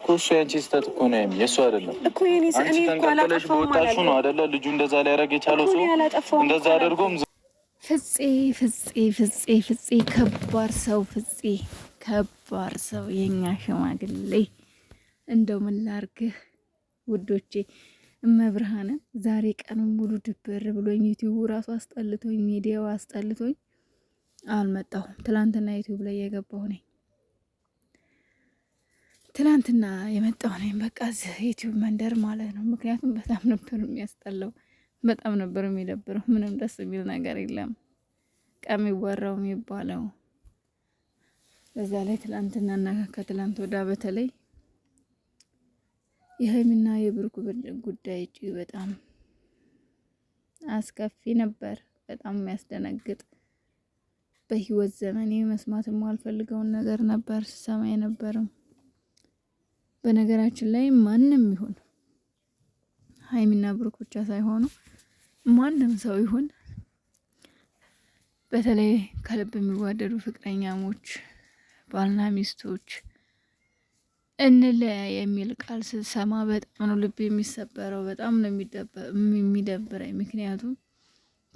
እኮ እሱ ያንቺ ስህተት እኮ ነው ሀይሚ፣ የእሱ አይደለም አንቺ ተንቀጠለሽ በወጣሹ ነው አደለ? ልጁ እንደዛ ሊያደርግ የቻለው ሰው እንደዛ አደርጎም ፍጼ ፍጼ ፍጼ ፍጼ ከባድ ሰው ፍጼ ከባድ ሰው የኛ ሽማግሌ እንደው ምን ላርግህ ውዶቼ እመብርሃንን ዛሬ ቀኑን ሙሉ ድብር ብሎኝ ዩቲዩቡ ራሱ አስጠልቶኝ ሚዲያው አስጠልቶኝ አልመጣሁም። ትላንትና ዩቲዩብ ላይ የገባሁ ነኝ። ትናንትና የመጣው ነኝ በቃ እዚህ ዩቲዩብ መንደር ማለት ነው። ምክንያቱም በጣም ነበር የሚያስጠላው፣ በጣም ነበር የሚደብረው። ምንም ደስ የሚል ነገር የለም። ቀም የሚባለው በዛ ላይ ትላንትናና ከትላንት ወዳ በተለይ የሀይሚና የብሩክ ጉዳይ እጅ በጣም አስከፊ ነበር። በጣም የሚያስደነግጥ በህይወት ዘመኔ መስማትም አልፈልገውን ነገር ነበር ስሰማ የነበረው። በነገራችን ላይ ማንም ይሁን ሀይሚና ብሩክ ብቻ ሳይሆኑ ማንም ሰው ይሁን በተለይ ከልብ የሚዋደዱ ፍቅረኛሞች ባልና ሚስቶች እንለያ የሚል ቃል ስሰማ በጣም ነው ልብ የሚሰበረው፣ በጣም ነው የሚደብረኝ። ምክንያቱም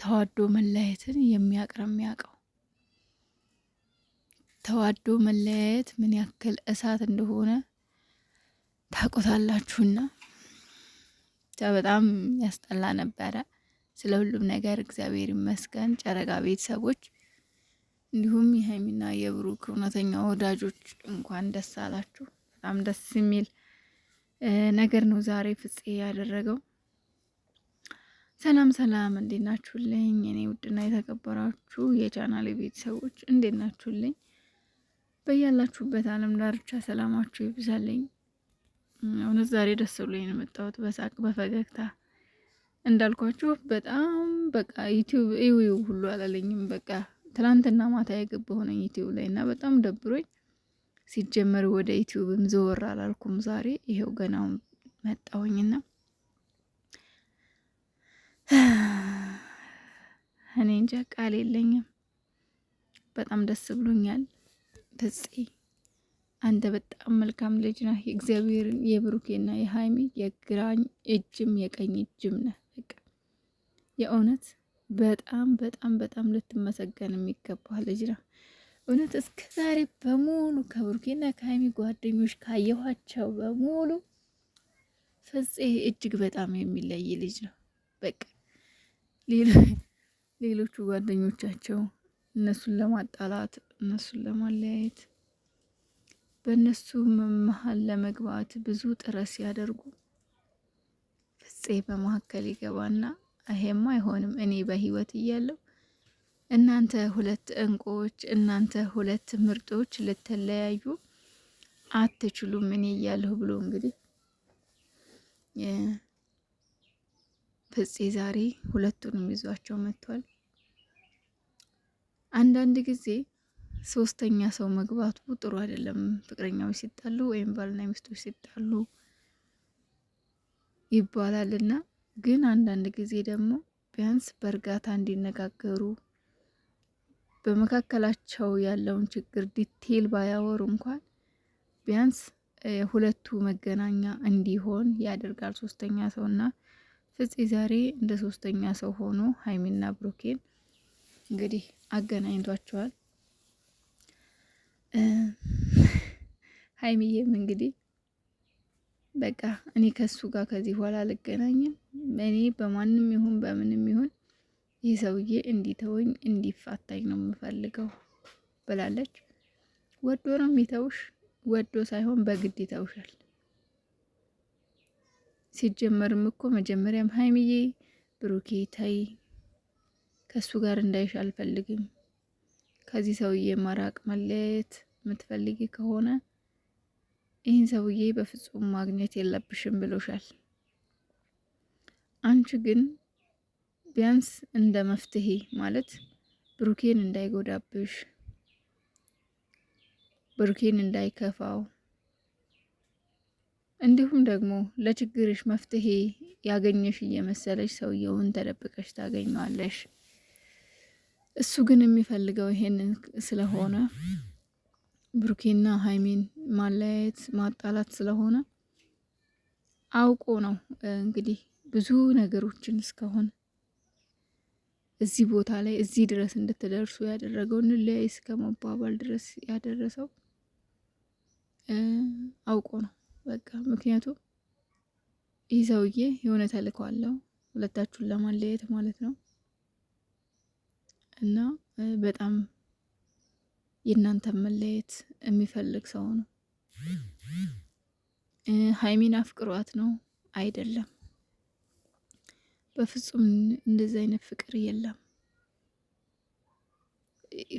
ተዋዶ መለያየትን የሚያቅር የሚያውቀው ተዋዶ መለያየት ምን ያክል እሳት እንደሆነ ታውቁታላችሁና በጣም ያስጠላ ነበረ። ስለ ሁሉም ነገር እግዚአብሔር ይመስገን። ጨረቃ ቤተሰቦች እንዲሁም የሀይሚና የብሩክ እውነተኛ ወዳጆች እንኳን ደስ አላችሁ። በጣም ደስ የሚል ነገር ነው ዛሬ ፍፄ ያደረገው። ሰላም ሰላም፣ እንዴት ናችሁልኝ? እኔ ውድና የተከበራችሁ የቻናል ቤተሰቦች እንዴት ናችሁልኝ? በያላችሁበት ዓለም ዳርቻ ሰላማችሁ ይብዛልኝ። እውነት ዛሬ ደስ ብሎ ነው የመጣሁት፣ በሳቅ በፈገግታ እንዳልኳችሁ። በጣም በቃ ዩቲዩብ ይው ሁሉ አላለኝም። በቃ ትናንትና ማታ የገባሁ ነኝ ዩቲዩብ ላይ እና በጣም ደብሮኝ ሲጀመር ወደ ዩቲዩብም ዘወር አላልኩም። ዛሬ ይሄው ገናው መጣሁኝና እኔ እንጃ ቃል የለኝም። በጣም ደስ ብሎኛል። ተጽይ አንተ በጣም መልካም ልጅ ነህ። የእግዚአብሔርን የብሩኬና የሀይሚ የግራኝ እጅም የቀኝ እጅም ነህ። በቃ የእውነት በጣም በጣም በጣም ልትመሰገን የሚገባ ልጅ ነህ። እውነት እስከ ዛሬ በሙሉ ከብሩኬና ከሃይሚ ጓደኞች ካየኋቸው በሙሉ ፍፄ እጅግ በጣም የሚለይ ልጅ ነው። በቃ ሌሎቹ ጓደኞቻቸው እነሱን ለማጣላት እነሱን ለማለያየት በእነሱ መሀል ለመግባት ብዙ ጥረት ሲያደርጉ ፍፄ በመካከል ይገባና ይሄማ አይሆንም፣ እኔ በህይወት እያለሁ እናንተ ሁለት እንቁዎች፣ እናንተ ሁለት ምርጦች ልትለያዩ አትችሉም፣ እኔ እያለሁ ብሎ እንግዲህ ፍፄ ዛሬ ሁለቱንም ይዟቸው መጥቷል። አንዳንድ ጊዜ ሶስተኛ ሰው መግባቱ ጥሩ አይደለም። ፍቅረኛዎች ሲጣሉ ወይም ባልና ሚስቶች ሲጣሉ ይባላልና ግን አንዳንድ ጊዜ ደግሞ ቢያንስ በእርጋታ እንዲነጋገሩ በመካከላቸው ያለውን ችግር ዲቴል ባያወሩ እንኳን ቢያንስ ሁለቱ መገናኛ እንዲሆን ያደርጋል ሶስተኛ ሰው እና ፍፄ ዛሬ እንደ ሶስተኛ ሰው ሆኖ ሀይሚና ብሩኬን እንግዲህ አገናኝቷቸዋል። ሀይሚዬም እንግዲህ በቃ እኔ ከሱ ጋር ከዚህ በኋላ አልገናኝም። እኔ በማንም ይሁን በምንም ይሁን ይህ ሰውዬ እንዲተወኝ እንዲፋታኝ ነው የምፈልገው ብላለች። ወዶ ነው የሚተውሽ፣ ወዶ ሳይሆን በግድ ይተውሻል። ሲጀመርም እኮ መጀመሪያም ሀይሚዬ ብሩኬ ታይ ከሱ ጋር እንዳይሽ አልፈልግም ከዚህ ሰውዬ መራቅ መለየት የምትፈልጊ ከሆነ ይህን ሰውዬ በፍጹም ማግኘት የለብሽም ብሎሻል። አንቺ ግን ቢያንስ እንደ መፍትሄ ማለት ብሩኬን እንዳይጎዳብሽ፣ ብሩኬን እንዳይከፋው እንዲሁም ደግሞ ለችግርሽ መፍትሄ ያገኘሽ እየመሰለሽ ሰውየውን ተደብቀሽ ታገኘዋለሽ። እሱ ግን የሚፈልገው ይሄንን ስለሆነ ብሩኬና ሀይሚን ማለያየት ማጣላት ስለሆነ አውቆ ነው እንግዲህ ብዙ ነገሮችን እስካሁን እዚህ ቦታ ላይ እዚህ ድረስ እንድትደርሱ ያደረገው እንለያይ እስከ መባባል ድረስ ያደረሰው አውቆ ነው በቃ። ምክንያቱም ይህ ሰውዬ የሆነ ተልእኮ አለው ሁለታችሁን ለማለያየት ማለት ነው። እና በጣም የእናንተ መለየት የሚፈልግ ሰው ነው። ሀይሚን አፍቅሯት ነው አይደለም። በፍጹም እንደዚህ አይነት ፍቅር የለም።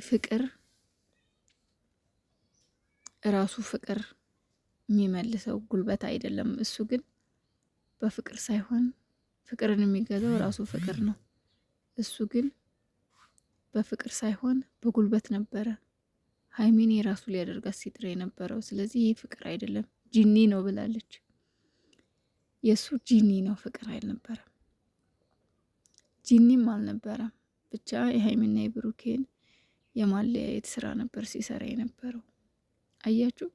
ፍቅር እራሱ ፍቅር የሚመልሰው ጉልበት አይደለም። እሱ ግን በፍቅር ሳይሆን ፍቅርን የሚገዛው ራሱ ፍቅር ነው። እሱ ግን በፍቅር ሳይሆን በጉልበት ነበረ ሀይሚን የራሱ ሊያደርጋት ሲጥር የነበረው። ስለዚህ ይህ ፍቅር አይደለም ጂኒ ነው ብላለች። የእሱ ጂኒ ነው ፍቅር አልነበረም፣ ጂኒም አልነበረም። ብቻ የሀይሚና የብሩኬን የማለያየት ስራ ነበር ሲሰራ የነበረው። አያችሁ፣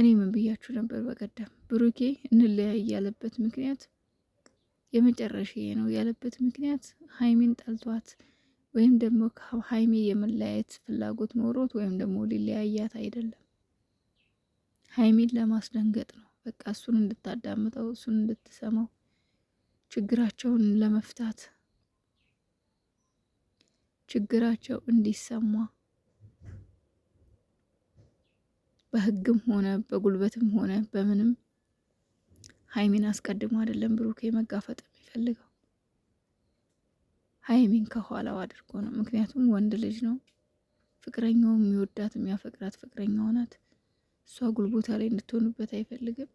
እኔ ምን ብያችሁ ነበር በቀደም? ብሩኬ እንለያይ ያለበት ምክንያት የመጨረሻ ነው ያለበት ምክንያት ሀይሚን ጠልቷት ወይም ደግሞ ሀይሚ የመለያየት ፍላጎት ኖሮት ወይም ደግሞ ሊለያያት አይደለም። ሀይሚን ለማስደንገጥ ነው። በቃ እሱን እንድታዳምጠው፣ እሱን እንድትሰማው፣ ችግራቸውን ለመፍታት ችግራቸው እንዲሰማ በህግም ሆነ በጉልበትም ሆነ በምንም ሀይሚን አስቀድሞ አይደለም ብሩኬ መጋፈጥ የሚፈልገው ሀይሚን ከኋላው አድርጎ ነው። ምክንያቱም ወንድ ልጅ ነው፣ ፍቅረኛው የሚወዳት የሚያፈቅራት ፍቅረኛው ናት። እሷ ጉልቦታ ላይ እንድትሆንበት አይፈልግም።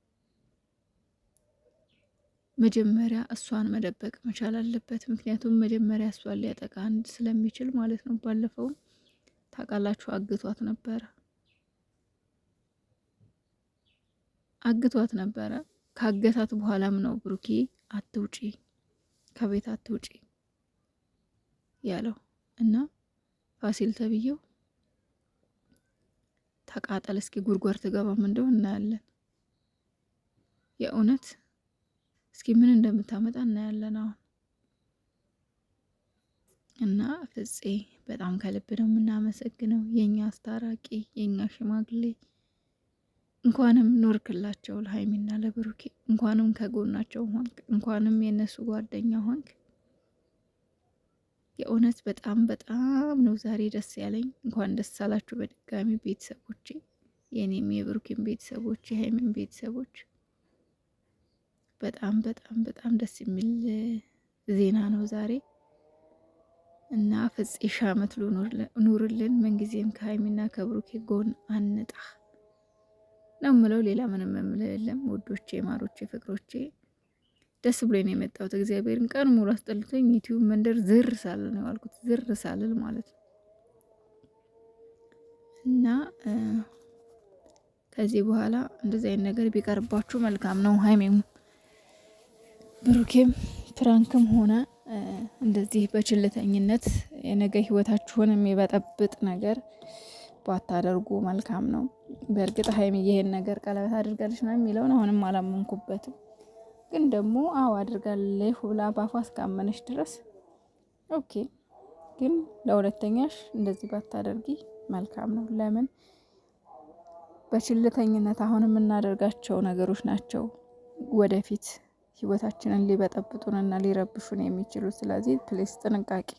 መጀመሪያ እሷን መደበቅ መቻል አለበት። ምክንያቱም መጀመሪያ እሷን ሊያጠቃ አንድ ስለሚችል ማለት ነው። ባለፈውም ታውቃላችሁ አግቷት ነበረ አግቷት ነበረ ካገታት በኋላም ነው ብሩኬ አትውጪ ከቤት አትውጪ ያለው እና ፋሲል ተብዬው ተቃጠል እስኪ ጉድጓድ ትገባም እንደው እናያለን። የእውነት እስኪ ምን እንደምታመጣ እናያለን። አሁን እና ፍፄ በጣም ከልብ ነው የምናመሰግነው የኛ አስታራቂ የኛ ሽማግሌ እንኳንም ኖርክላቸው ለሀይሚና ለብሩኬ፣ እንኳንም ከጎናቸው ሆንክ፣ እንኳንም የእነሱ ጓደኛ ሆንክ። የእውነት በጣም በጣም ነው ዛሬ ደስ ያለኝ። እንኳን ደስ አላችሁ በድጋሚ ቤተሰቦቼ፣ የእኔም የብሩኬን ቤተሰቦች፣ የሀይሚን ቤተሰቦች። በጣም በጣም በጣም ደስ የሚል ዜና ነው ዛሬ እና ፍፄ አመት ኑርልን። ምንጊዜም ከሀይሚና ከብሩኬ ጎን አንጣ ነው ምለው። ሌላ ምንም የምለው የለም። ውዶቼ፣ ማሮቼ፣ ፍቅሮቼ ደስ ብሎ ነው የመጣሁት። እግዚአብሔርን ቀን ሙሉ አስጠልቶኝ ዩቲዩብ መንደር ዝር ሳልል ነው ያልኩት። ዝር ሳልል ማለት ነው እና ከዚህ በኋላ እንደዚህ አይነት ነገር ቢቀርባችሁ መልካም ነው። ሀይሜም ብሩኬም ፍራንክም ሆነ እንደዚህ በችልተኝነት የነገ ህይወታችሁን የሚበጠብጥ ነገር ባታደርጉ መልካም ነው። በእርግጥ ሀይሚ ይሄን ነገር ቀለበት አድርጋለች ነው የሚለውን አሁንም አላመንኩበትም። ግን ደግሞ አዎ አድርጋለሁ ሁላ ባፏ እስካመነች ድረስ ኦኬ። ግን ለሁለተኛሽ እንደዚህ ባታደርጊ መልካም ነው። ለምን በችልተኝነት አሁን የምናደርጋቸው ነገሮች ናቸው ወደፊት ህይወታችንን ሊበጠብጡንና ሊረብሹን የሚችሉ። ስለዚህ ፕሌስ ጥንቃቄ